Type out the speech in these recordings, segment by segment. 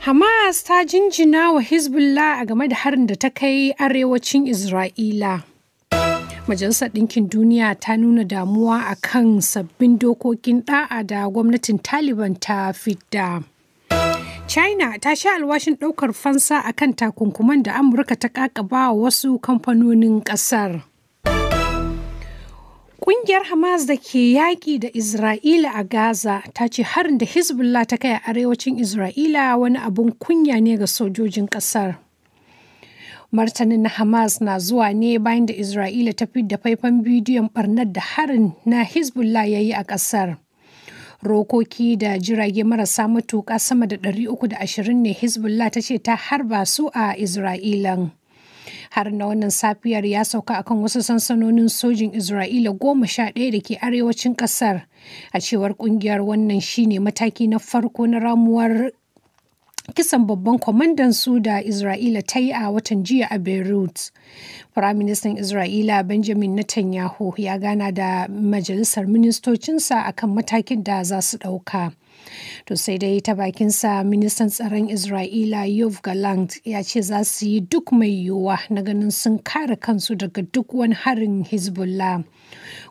Hamas ta jinjina wa Hezbollah a game da harin da ta kai arewacin Isra'ila. Majalisar Ɗinkin Duniya ta nuna damuwa a kan sabbin dokokin ɗa'a da gwamnatin Taliban ta fidda. China ta sha alwashin ɗaukar fansa a kan takunkuman da Amurka ta ƙaƙaba wasu kamfanonin ƙasar. Ƙungiyar Hamas da ke yaƙi da Isra'ila a Gaza ta ce harin da Hezbollah ta kai a arewacin Isra'ila wani abin kunya ne ga sojojin ƙasar. Martanin na Hamas na zuwa ne bayan da Isra'ila ta da faifan bidiyon ɓarnar da harin na Hezbollah ya yi a ƙasar. Rokoki da jirage marasa matuƙa sama da 320 ne Hezbollah ta ce ta harba su a Isra'ilan. Har na wannan safiyar ya sauka akan wasu sansanonin sojin Isra'ila goma sha ɗaya da ke arewacin ƙasar. A cewar ƙungiyar wannan shine mataki na farko na ramuwar kisan babban kwamandan su da Isra'ila ta yi a watan jiya a Beirut. Firaministan Isra'ila Benjamin Netanyahu ya gana da majalisar ministocinsa akan matakin da za su ɗauka. To sai dai ta bakin sa ministan tsaron Isra'ila Yov Galant ya ce za su yi duk mai yiwuwa na ganin sun kare kansu daga duk wani harin Hezbollah.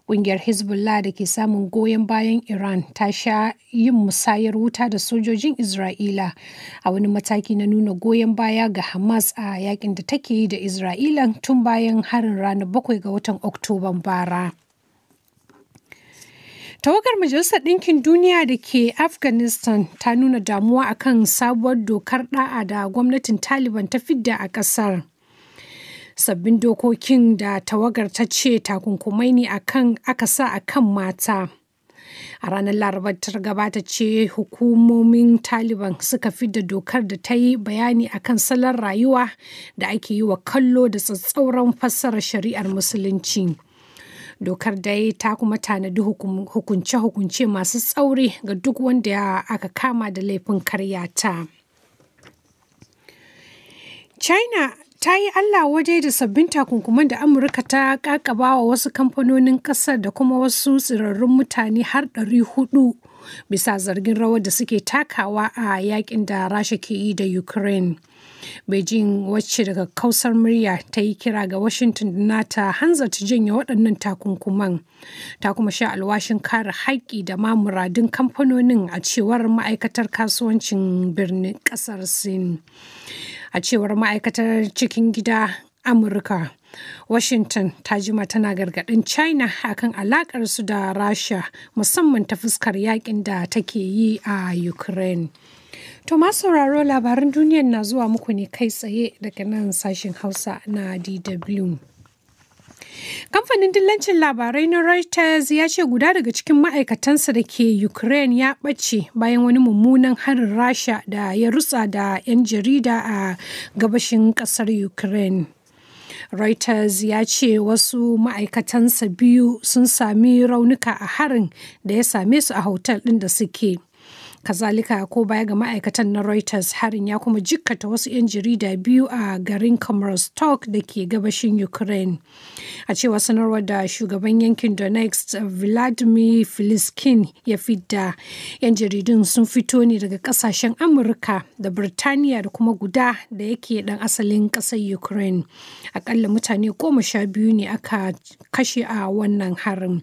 Ƙungiyar Hezbollah da ke samun goyon bayan Iran ta sha yin musayar wuta da sojojin Isra'ila a wani mataki na nuna goyon baya ga Hamas a yakin da take yi da isra'ila tun bayan harin ranar bakwai ga watan Oktoban bara. Tawagar Majalisar Ɗinkin Duniya da ke Afghanistan ta nuna damuwa akan sabuwar dokar ɗa'a da gwamnatin Taliban ta fidda a ƙasar. Sabbin dokokin da tawagar ta ce takunkumai ne aka sa a kan mata. A ranar Larabar ta gabata ce hukumomin Taliban suka fidda dokar da ta yi bayani akan salon rayuwa da ake yi wa kallo da tsatsauran fassarar shari'ar Musulunci. Dokar dai ta kuma tanadi hukunce-hukunce masu tsauri ga duk wanda aka kama da laifin karya ta. China ta yi Allah waje da sabbin takunkuman da Amurka ta kakaba wa wasu kamfanonin kasar da kuma wasu tsirarrun mutane har 400 bisa zargin rawar da suke takawa a yakin da rasha ke yi da ukraine beijing wacce daga kausar murya ta yi kira ga washington da nata hanzarta janye waɗannan takunkuman ta kuma sha alwashin kare haƙƙi da ma muradun kamfanonin a cewar ma'aikatar kasuwancin birnin ƙasar sin a cewar ma'aikatar cikin gida amurka Washington ta jima tana gargaɗin China akan su da Rasha musamman ta fuskar yakin da take yi a Ukraine. To masu sauraro labaran duniyar na zuwa muku ne kai tsaye daga nan sashen Hausa na DW. Kamfanin dillancin labarai na Reuters ya ce guda daga cikin ma'aikatansa da ke Ukraine ya ɓace bayan wani mummunan harin Rasha da ya rutsa da 'yan jarida a gabashin ƙasar Ukraine. Reuters ya ce wasu ma'aikatansa biyu sun sami raunuka a harin da ya same su a hotel ɗin da suke. kazalika ko baya ga ma'aikatan na reuters harin ya kuma jikkata wasu 'yan jarida biyu a garin Talk, da ke gabashin ukraine a cewa sanarwar da shugaban yankin donetsk vladimir filiskin ya fidda 'yan jaridun sun fito ne daga kasashen amurka da birtaniya da kuma guda da yake dan asalin kasar ukraine akalla mutane goma sha biyu ne aka kashe a wannan harin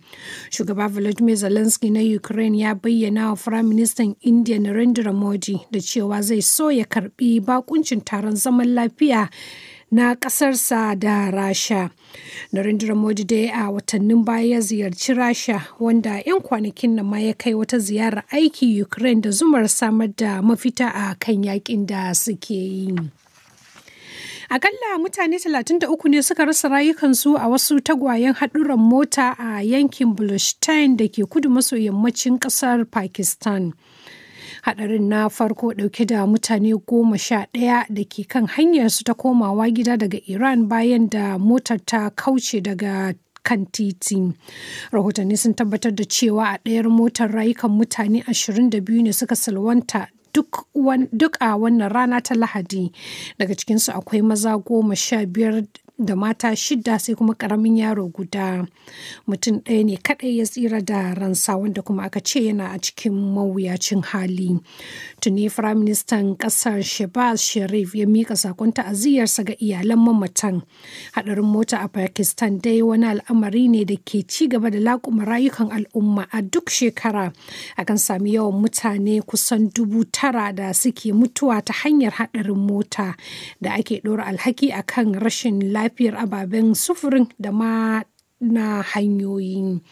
shugaba vladimir zelensky na ukraine ya bayyana wa firaministan Indiya Narendra Modi da cewa zai so ya karbi bakuncin taron zaman lafiya na ƙasarsa da Rasha. Narendra Modi dai a watannin baya ya ziyarci Rasha wanda 'yan kwanakin nan ma ya kai wata ziyarar aiki Ukraine da zumar samar da mafita a kan yakin da suke yi. Akalla mutane 33 ne suka rasa rayukansu a wasu tagwayen haɗuran mota a yankin Bluestein da ke kudu maso yammacin ƙasar Pakistan. Haɗarin na farko ɗauke da mutane goma sha ɗaya da ke kan hanyarsu ta komawa gida daga Iran bayan da motar ta kauce daga kan titi. Rahotanni sun tabbatar da cewa a ɗayar motar rayukan mutane 22 ne suka salwanta duk a wannan rana ta lahadi daga cikinsu akwai maza goma sha biyar da mata shida sai kuma karamin yaro guda mutum ɗaya ne kaɗai ya tsira da ransa wanda kuma aka ce yana a cikin mawuyacin hali tuni Firaministan ƙasar shabaz Sharif ya mika sakon ta'aziyarsa ga iyalan mamatan. Haɗarin mota a Pakistan dai wani al'amari ne da ke ci gaba da laƙuma rayukan al'umma a duk shekara. Akan sami yawan mutane kusan dubu tara da suke mutuwa ta hanyar haɗarin mota da ake ɗora alhaki akan rashin lafiyar ababen sufurin da ma na hanyoyin.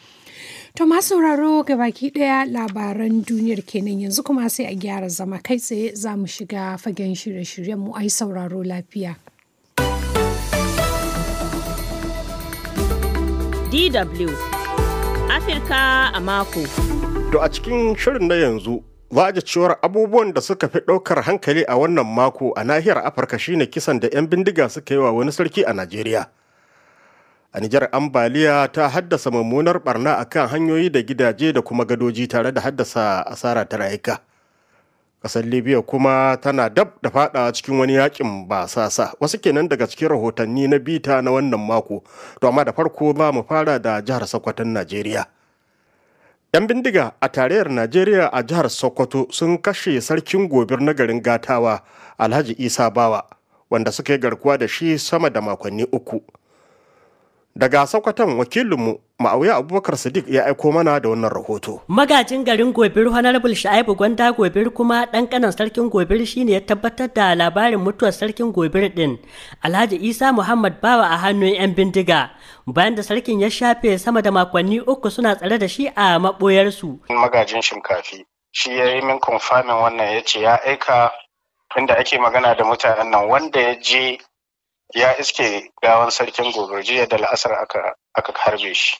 To ma sauraro ga baki ɗaya labaran duniyar kenan yanzu kuma sai a gyara zama kai tsaye za mu shiga fagen shirye-shiryen mu ai sauraro lafiya. DW Afirka a mako. To a cikin shirin na yanzu za a cewar abubuwan da suka fi ɗaukar hankali a wannan mako a nahiyar Afirka shine kisan da 'yan bindiga suka yi wa wani sarki a Najeriya. a Nijar ambaliya ta haddasa mummunar barna a kan hanyoyi da gidaje da kuma gadoji tare da haddasa asara ta rayuka. Ƙasar Libya kuma tana dab da fada cikin wani yakin basasa wasu kenan daga cikin rahotanni na bita na wannan mako to amma da farko ba mu fara da jihar Sokoton Najeriya. 'Yan bindiga a tarayyar Najeriya a jihar Sokoto sun kashe sarkin gobir na garin Gatawa Alhaji Isa Bawa wanda suka yi garkuwa da shi sama da makonni uku. Daga Sokoton wakilinmu Ma'auya Abubakar Sadiq ya aiko mana da wannan rahoto. Magajin garin Gobir Honorable Sha'ibu Gwanda Gobir kuma ɗan kanan sarkin Gobir shine ya tabbatar da labarin mutuwar sarkin Gobir ɗin. Alhaji Isa Muhammad Bawa a hannun 'yan bindiga. Bayan da sarkin ya shafe sama da makonni uku suna tsare da shi a maboyarsu. Magajin Shinkafi shi ya yi min konfamin wannan ya ce ya aika tunda ake magana da mutanen nan wanda ya je ya iske gawan sarkin gobe jiya da la'asar aka harbe shi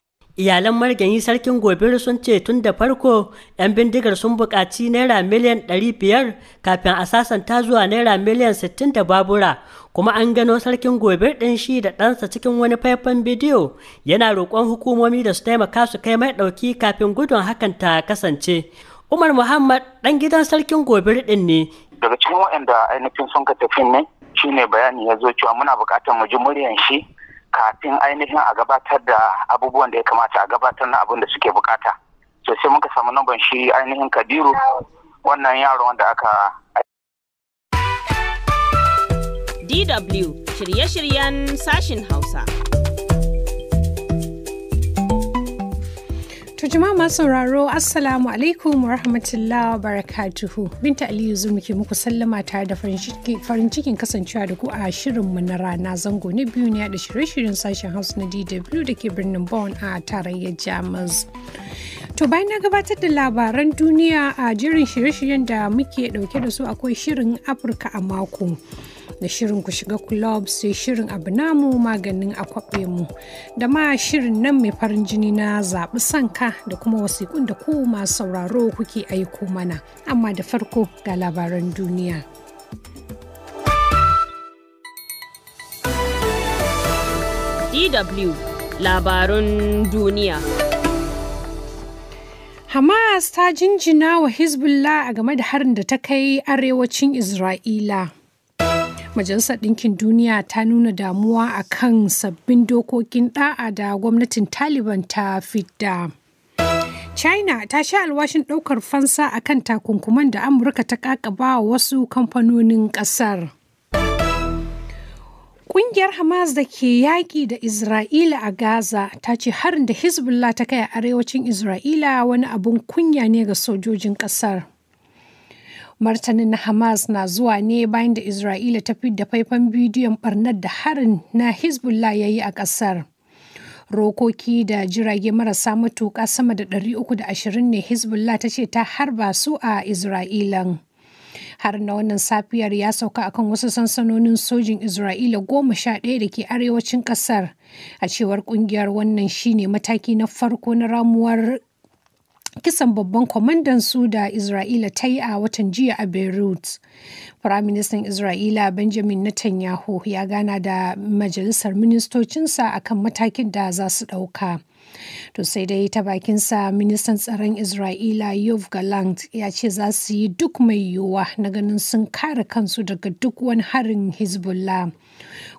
iyalan marganyi sarkin gobe sun ce tun da farko 'yan bindigar sun buƙaci naira miliyan 500 kafin a sasanta zuwa naira miliyan 60 da babura kuma an gano sarkin gobe ɗin shi da ɗansa cikin wani faifan bidiyo yana roƙon hukumomi da su taimaka su kai mai ɗauki kafin gudun hakan ta kasance umar muhammad ɗan gidan sarkin gobe ɗin ne daga cikin waɗanda ainihin sun ka tafi ne shi ne bayani ya zo cewa muna buƙatar mu ji muryan shi kafin ainihin a gabatar da abubuwan da ya kamata a gabatar na abin da suke bukata so sai muka samu nambar shi ainihin kabiru wannan yaron wanda aka DW shirye-shiryen sashin Hausa. To jima masu sauraro Assalamu alaikum wa rahmatullahi wa barakatuhu. Binta Aliyu Zur muke muku sallama tare da farin cikin kasancewa da ku a shirin mu na rana zango na biyu ne da shirye-shiryen sashen Hausa na DW da ke birnin Bon a tarayyar Jamus. To bayan na gabatar da labaran duniya a jirin shirye-shiryen da muke dauke da su akwai shirin Afirka a mako. da shirin ku shiga kulob sai shirin abu namu maganin akwabe mu da ma shirin nan mai farin jini na zaɓi sanka da kuma wasiƙun da ku masu sauraro kuke aiko mana amma da farko ga labaran duniya. DW labarun duniya. Hamas ta jinjina wa Hezbollah a game da harin da ta kai arewacin Isra'ila. Majalisar Ɗinkin Duniya ta nuna damuwa a kan sabbin dokokin ɗa'a da gwamnatin Taliban ta fidda. China ta sha alwashin ɗaukar fansa a kan takunkuman da Amurka ta ƙaƙaba wasu kamfanonin ƙasar. Ƙungiyar Hamas da ke yaƙi da Isra'ila a Gaza ta ce harin da Hezbollah ta kai a arewacin Isra'ila wani abin kunya ne ga sojojin ƙasar. Martanin na Hamas na zuwa ne bayan da Isra'ila ta da faifan bidiyon barnar da harin na Hezbollah ya yi a ƙasar. Rokoki da jirage marasa matuƙa sama da 320 ne Hezbollah ta ce ta harba su a Isra'ilan. har na wannan safiyar ya sauka akan wasu sansanonin sojin isra'ila goma sha ɗaya da ke arewacin ƙasar a cewar ƙungiyar wannan shine mataki na farko na ramuwar kisan babban kwamandan su da Isra'ila ta yi a watan jiya a Beirut. Firaministan Isra'ila Benjamin Netanyahu ya gana da majalisar ministocinsa akan matakin da za su ɗauka. To sai dai ta bakinsa ministan tsaron Isra'ila Yov Galant ya ce za su yi duk mai yiwuwa na ganin sun kare kansu daga duk wani harin Hezbollah.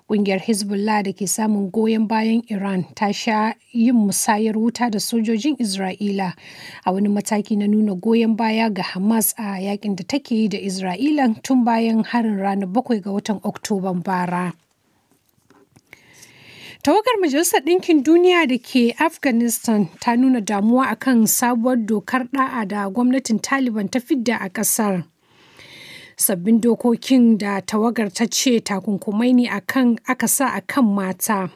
Ƙungiyar Hezbollah da ke samun goyon bayan Iran ta sha yin musayar wuta da sojojin Isra'ila a wani mataki na nuna goyon baya ga Hamas a yakin da take yi da Isra'ila tun bayan harin ranar bakwai ga watan Oktoban bara. Tawagar Majalisar Ɗinkin Duniya da ke Afghanistan ta nuna damuwa akan sabuwar dokar ɗa'a da gwamnatin Taliban ta fidda a ƙasar. sabbin dokokin da tawagar ta ce takunkumai ne aka sa a kan mata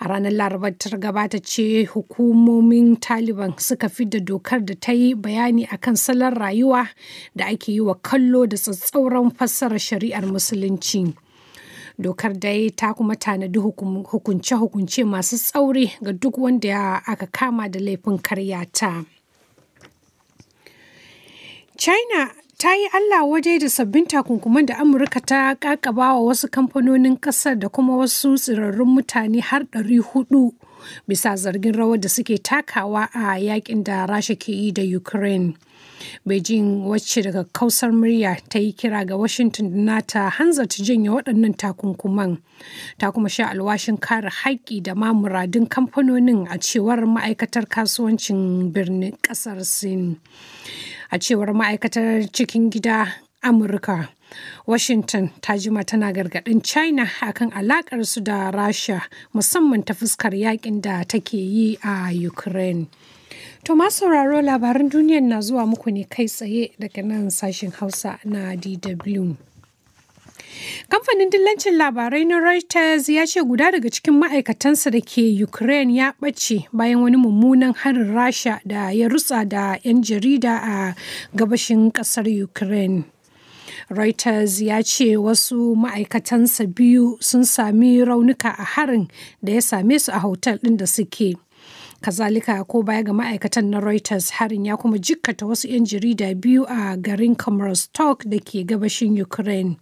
a ranar larabar ta gabata ce hukumomin taliban suka fi da dokar da ta yi bayani akan salon rayuwa da ake yi wa kallo da tsatsauran fassarar shari'ar musulunci dokar dai ta kuma tanadi hukunce-hukunce masu tsauri ga duk wanda aka kama da laifin karyata. china ta yi Allah waje da sabbin takunkuman da Amurka ta kakaba wa wasu kamfanonin ƙasar da kuma wasu tsirarrun mutane har ɗari hudu bisa zargin rawar da suke takawa a yakin da Rasha ke yi da Ukraine. Beijing wacce daga kausar murya ta yi kira ga Washington da nata hanzarta janye waɗannan takunkuman. Ta kuma sha alwashin kare haƙƙi da ma muradun kamfanonin a cewar ma'aikatar kasuwancin birnin ƙasar Sin. a cewar ma'aikatar cikin gida amurka washington ta jima tana gargadin china akan su da rasha musamman ta fuskar yakin da take yi a ukraine to masu sauraro labaran duniyar na zuwa muku ne kai tsaye daga nan sashen hausa na dw Kamfanin dillancin labarai na Reuters ya ce guda daga cikin ma'aikatansa da ke Ukraine ya ɓace bayan wani mummunan harin Rasha da ya rutsa da 'yan jarida a gabashin ƙasar Ukraine. Reuters ya ce wasu ma'aikatansa biyu sun sami raunuka a harin da ya same su a hotel ɗin da suke. kazalika ko baya ga ma'aikatan na reuters harin ya kuma jikkata wasu 'yan jarida biyu a garin Talk da ke gabashin ukraine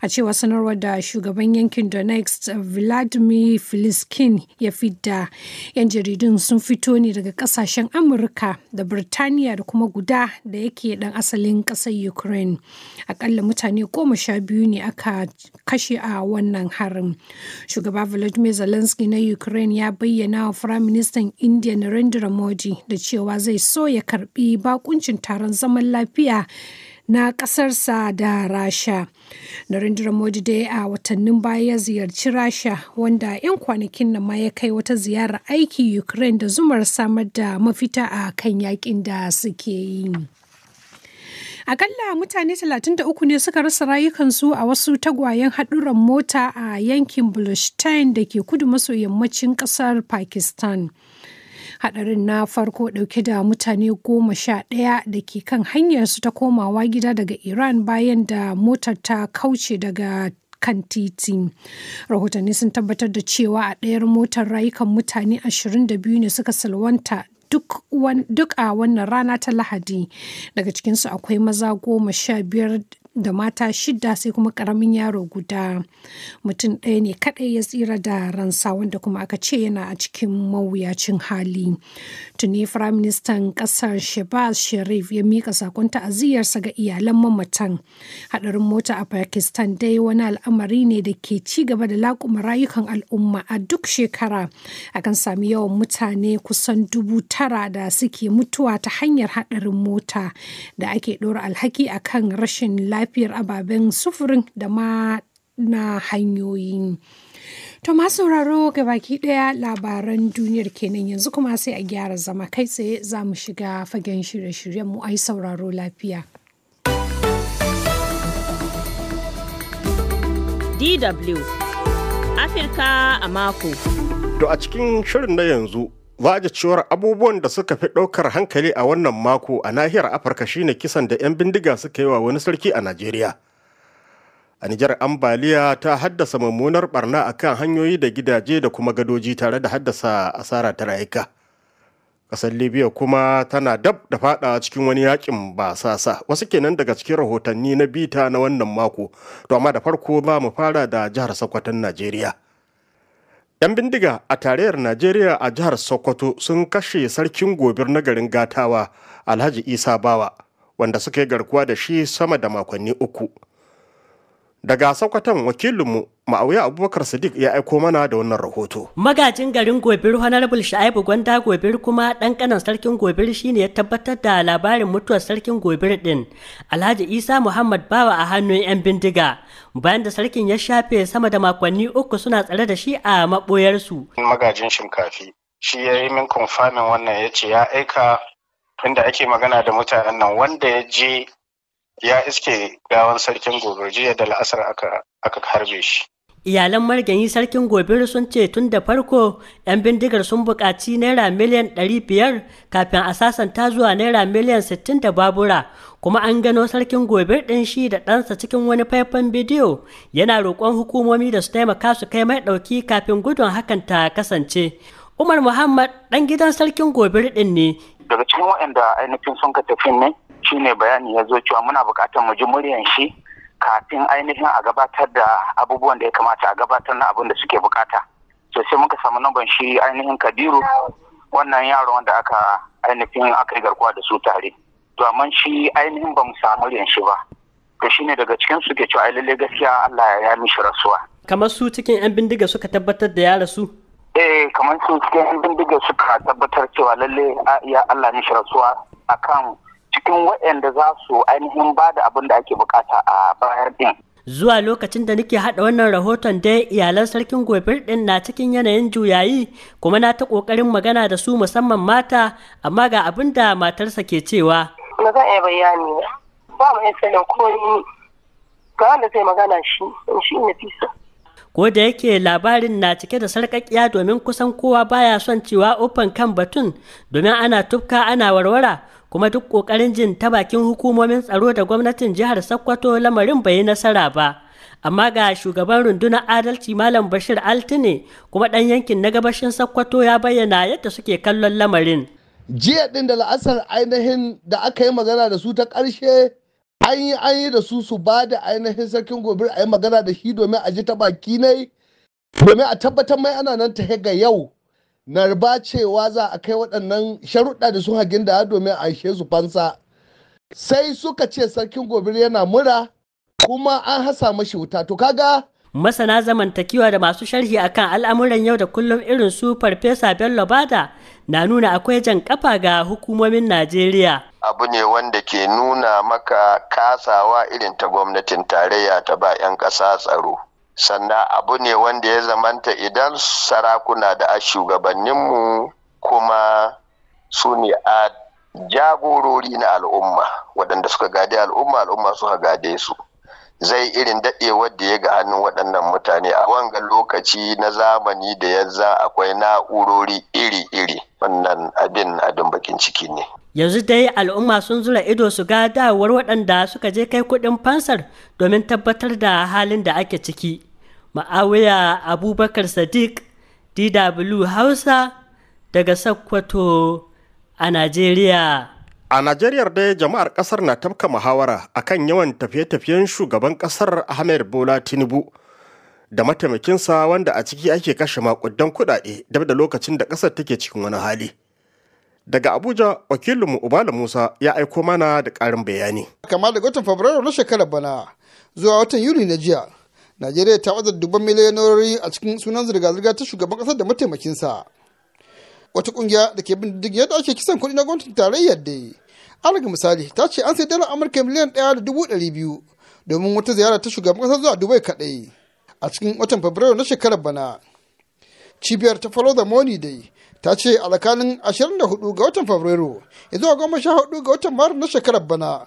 a cewa sanarwar da shugaban yankin donetsk vladimir filiskin ya fidda 'yan jaridun sun fito ne daga kasashen amurka da birtaniya da kuma guda da yake dan asalin kasar ukraine akalla mutane goma sha biyu ne aka kashe a wannan harin shugaba vladimir zelensky na ukraine ya bayyana wa firaministan India Narendra Modi da cewa zai so ya karbi bakuncin taron zaman lafiya na ƙasarsa da Rasha. Narendra Modi dai a watannin baya ya ziyarci Rasha wanda 'yan kwanakin nan ma ya kai wata ziyarar aiki Ukraine da zumar samar da mafita a kan yakin da suke yi. Akalla mutane 33 ne suka rasa rayukansu a wasu tagwayen haɗuran mota a yankin Bluestein da ke kudu maso yammacin ƙasar Pakistan. Haɗarin na farko ɗauke da mutane goma sha ɗaya da ke kan hanyarsu ta komawa gida daga Iran bayan da motar ta kauce daga kan titi. Rahotanni sun tabbatar da cewa a ɗayar motar rayukan mutane 22 ne suka salwanta duk a wannan rana ta lahadi daga cikinsu akwai maza goma sha biyar da mata shida sai kuma karamin yaro guda mutum ɗaya ne kaɗai ya tsira da ransa wanda kuma aka ce yana a cikin mawuyacin hali tuni firaministan ƙasar shabaz sharif ya mika sakon ta'aziyarsa ga iyalan mamatan haɗarin mota a pakistan dai wani al'amari ne da ke ci gaba da laƙuma rayukan al'umma a duk shekara akan sami yawan mutane kusan dubu tara da suke mutuwa ta hanyar haɗarin mota da ake ɗora alhaki akan rashin lafiya lafiyar ababen sufurin da ma na hanyoyi. To masu sauraro ga baki ɗaya labaran duniyar kenan yanzu kuma sai a gyara zama kai tsaye za mu shiga fagen shirye-shiryen mu ai sauraro lafiya. DW Afirka a mako. To a cikin shirin na yanzu Wajicewar abubuwan da suka fi ɗaukar hankali a wannan mako a nahiyar Afirka shine kisan da 'yan bindiga suka yi wa wani sarki a Najeriya. A Nijar ambaliya ta haddasa mummunar barna a kan hanyoyi da gidaje da kuma gadoji tare da haddasa asara ta rayuka. Ƙasar Libya kuma tana dab da fada cikin wani yakin basasa wasu kenan daga cikin rahotanni na bita na wannan mako, to amma da farko ba mu fara da jihar Sokoton Najeriya. 'Yan bindiga a tarayyar Najeriya a jihar Sokoto sun kashe sarkin gobir na garin Gatawa Alhaji Isa Bawa wanda suka yi garkuwa da shi sama da makonni uku. Daga saukatan wakilinmu Ma'auya Abubakar Sadiq ya aiko mana da wannan rahoto. Magajin garin Gobir Honorable Sha'ibu Gwanda Gobir kuma ɗan kanan sarkin Gobir shine ya tabbatar da labarin mutuwar sarkin Gobir ɗin. Alhaji Isa Muhammad Bawa a hannun 'yan bindiga. Bayan da sarkin ya shafe sama da makonni uku suna tsare da shi a maɓoyarsu. Magajin Shinkafi shi ya yi min konfamin wannan ya ce ya aika inda ake magana da mutanen nan wanda ya je ya iske gawan sarkin gobe, jiya da la'asar aka harbe shi iyalan marganyi sarkin gobe sun ce tun da farko 'yan bindigar sun buƙaci naira miliyan 500 kafin a sasanta zuwa naira miliyan 60 da babura kuma an gano sarkin gobe ɗin shi da ɗansa cikin wani faifan bidiyo yana roƙon hukumomi da su taimaka su kai mai ɗauki kafin gudun hakan ta kasance umar muhammad ɗan gidan sarkin gobe ɗin ne daga cikin waɗanda ainihin sun ka tafi ne shine bayani ya zo cewa muna buƙatar mu ji muryan shi kafin ainihin a gabatar da abubuwan da ya kamata a gabatar na abin da suke bukata to sai muka samu namban shi ainihin kabiru wannan yaron wanda aka ainihin aka yi garkuwa da su tare to amma shi ainihin ba mu samu muryan shi ba to shine daga cikin su ke cewa ai lalle gaskiya Allah ya yi mishi rasuwa kamar su cikin yan bindiga suka tabbatar da ya rasu eh kamar sun cikin yan bindiga suka tabbatar cewa lalle ya Allah ne rasuwa a kan cikin waɗanda za su ainihin ba da abin da ake bukata a bayar din zuwa lokacin da nake haɗa wannan rahoton dai iyalan sarkin gobir ɗin na cikin yanayin juyayi kuma na ta ƙoƙarin magana da su musamman mata amma ga abin da matarsa ke cewa Na za a yi bayani ba mu yi sanin ko ga wanda zai magana shi shi ne fisa ko da yake labarin na cike da sarƙaƙiya domin kusan kowa baya son cewa ofan kan batun domin ana tufka ana warwara kuma duk ƙoƙarin jin ta bakin hukumomin tsaro da gwamnatin jihar sokoto lamarin bai yi nasara ba amma ga shugaban rundunar adalci malam bashir altine kuma ɗan yankin na gabashin sokoto ya bayyana yadda suke kallon lamarin jiya ɗin da la'asar ainihin da aka yi magana da su ta ƙarshe an yi an yi da su su ba da ainihin sarkin gobe a yi magana da shi domin a ji ta baki ne domin a tabbatar mai ana nan ta ga yau narba cewa za a kai waɗannan sharuɗa da sun hagin da domin a ishe su fansa sai suka ce sarkin gobe yana mura kuma an hasa mashi wuta to kaga masana zamantakewa da masu sharhi akan al'amuran yau da kullum irin su farfesa bello bada na nuna akwai jan kafa ga hukumomin najeriya abu ne wanda ke nuna maka kasawa irin ta gwamnatin tarayya ta ba 'yan ƙasa tsaro sannan abu ne wanda ya zamanta idan sarakuna da shugabanninmu kuma su ne a jagorori na al'umma waɗanda suka gade al'umma al'umma suka gade su zai irin daɗewar da ya ga hannun waɗannan mutane a wanga lokaci na zamani da yanzu akwai na'urori iri-iri wannan abin abin bakin ciki ne yanzu dai al'umma sun zura ido su ga dawowar waɗanda suka je kai kuɗin fansar domin tabbatar da halin da ake ciki ma'awiya abubakar sadiq dw hausa daga sakkwato a najeriya A Najeriya dai jama'ar kasar na tafka muhawara a kan yawan tafiye-tafiyen shugaban kasar Ahmed Bola Tinubu da mataimakinsa wanda a ciki ake kashe makudan kudade dab da lokacin da kasar take cikin wani hali. Daga Abuja, wakilinmu Ubala Musa ya aiko mana da karin bayani. Kama daga watan Fabrairu na shekarar bana zuwa watan Yuli na jiya, Najeriya ta wadda dubban miliyanori a cikin sunan zirga-zirga ta shugaban kasar da mataimakinsa. wata kungiya da ke bin diddigin yadda ake kisan kuɗi na gwamnatin tarayyar da alaga misali ta ce an sai dalar amurka miliyan ɗaya da dubu ɗari biyu domin wata ziyara ta shugaban ƙasa zuwa dubai kaɗai a cikin watan fabrairu na shekarar bana cibiyar ta follow the money dai ta ce a tsakanin hudu ga watan fabrairu ya zuwa goma sha hudu ga watan maris na shekarar bana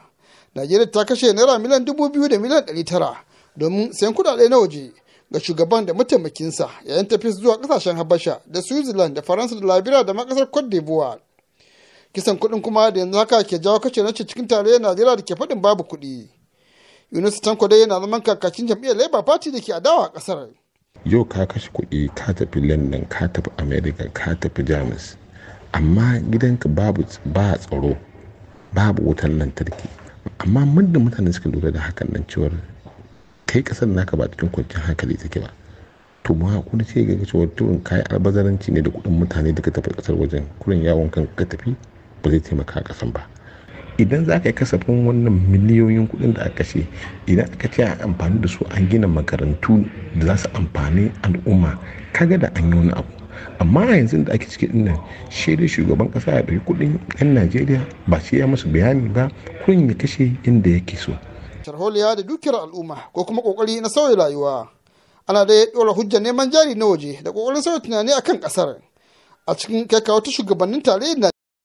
najeriya ta kashe naira miliyan dubu biyu da miliyan ɗari tara domin sayan kuɗaɗe na waje ga shugaban da mataimakinsa yayin tafi zuwa kasashen habasha da switzerland da faransa da labira da makasar cote d'ivoire kisan kuɗin kuma da yanzu haka ke jawo kace na cikin tarayyar najeriya da ke faɗin babu kuɗi yunus tanko dai yana zaman kakacin jam'iyyar labour party da ke adawa a kasar. yau ka kashe kuɗi ka tafi london ka tafi america ka tafi jamus amma gidanka babu ba tsaro babu wutar lantarki amma muddin mutane suka lura da hakan nan cewar kai kasar naka ba cikin kwanciyar hankali take ba to ma kuna ce ga cewa turin kai albazaranci ne da kudin mutane da ka tafi kasar wajen kurin yawon kan ka tafi ba zai taimaka a kasan ba idan za ka yi kasafin wannan miliyoyin kuɗin da aka ce idan aka ce a amfani da su an gina makarantu da za su amfani al'umma kaga da an yi wani abu amma yanzu da ake ciki dinnan shi shugaban kasa ya ɗauki kuɗin 'yan najeriya ba shi ya masu bayani ba kuɗin ya kashe inda yake so tarholiya da dukiyar al'umma ko kuma kokari na sauya rayuwa ana da ya dora hujjar neman jari na waje da kokarin sauya tunani akan kasar a cikin kai kawo ta shugabannin tarayyar